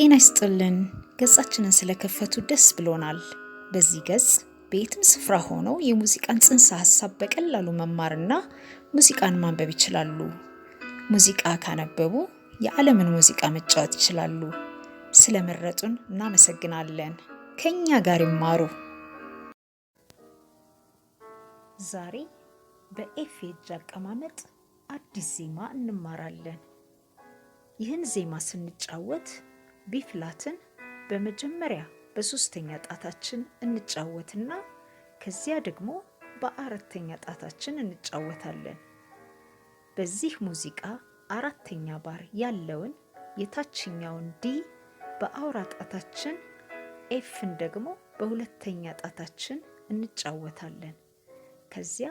ጤና ይስጥልን። ገጻችንን ስለከፈቱ ደስ ብሎናል። በዚህ ገጽ በየትም ስፍራ ሆነው የሙዚቃን ጽንሰ ሀሳብ በቀላሉ መማርና ሙዚቃን ማንበብ ይችላሉ። ሙዚቃ ካነበቡ የዓለምን ሙዚቃ መጫወት ይችላሉ። ስለመረጡን እናመሰግናለን። ከኛ ጋር ይማሩ። ዛሬ በኤፌጅ አቀማመጥ አዲስ ዜማ እንማራለን። ይህን ዜማ ስንጫወት ቢፍላትን በመጀመሪያ በሶስተኛ ጣታችን እንጫወትና ከዚያ ደግሞ በአራተኛ ጣታችን እንጫወታለን። በዚህ ሙዚቃ አራተኛ ባር ያለውን የታችኛውን ዲ በአውራ ጣታችን፣ ኤፍን ደግሞ በሁለተኛ ጣታችን እንጫወታለን። ከዚያ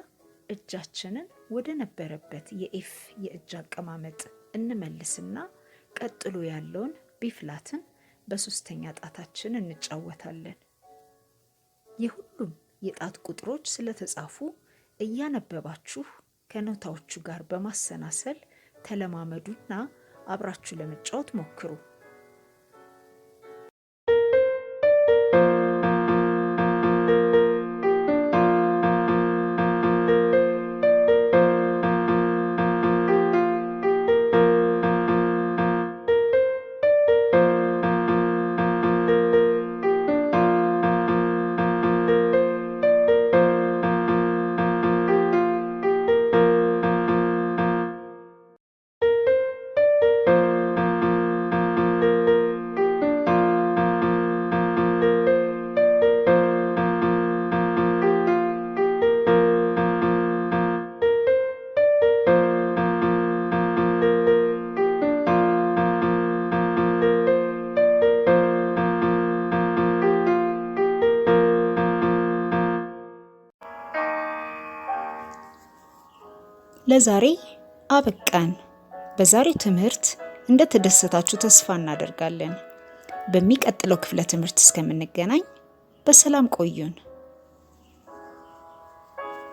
እጃችንን ወደ ነበረበት የኤፍ የእጅ አቀማመጥ እንመልስና ቀጥሎ ያለውን ቢፍላትን በሶስተኛ ጣታችን እንጫወታለን። የሁሉም የጣት ቁጥሮች ስለተጻፉ እያነበባችሁ ከኖታዎቹ ጋር በማሰናሰል ተለማመዱና አብራችሁ ለመጫወት ሞክሩ። ለዛሬ አበቃን። በዛሬ ትምህርት እንደተደሰታችሁ ተስፋ እናደርጋለን። በሚቀጥለው ክፍለ ትምህርት እስከምንገናኝ በሰላም ቆዩን።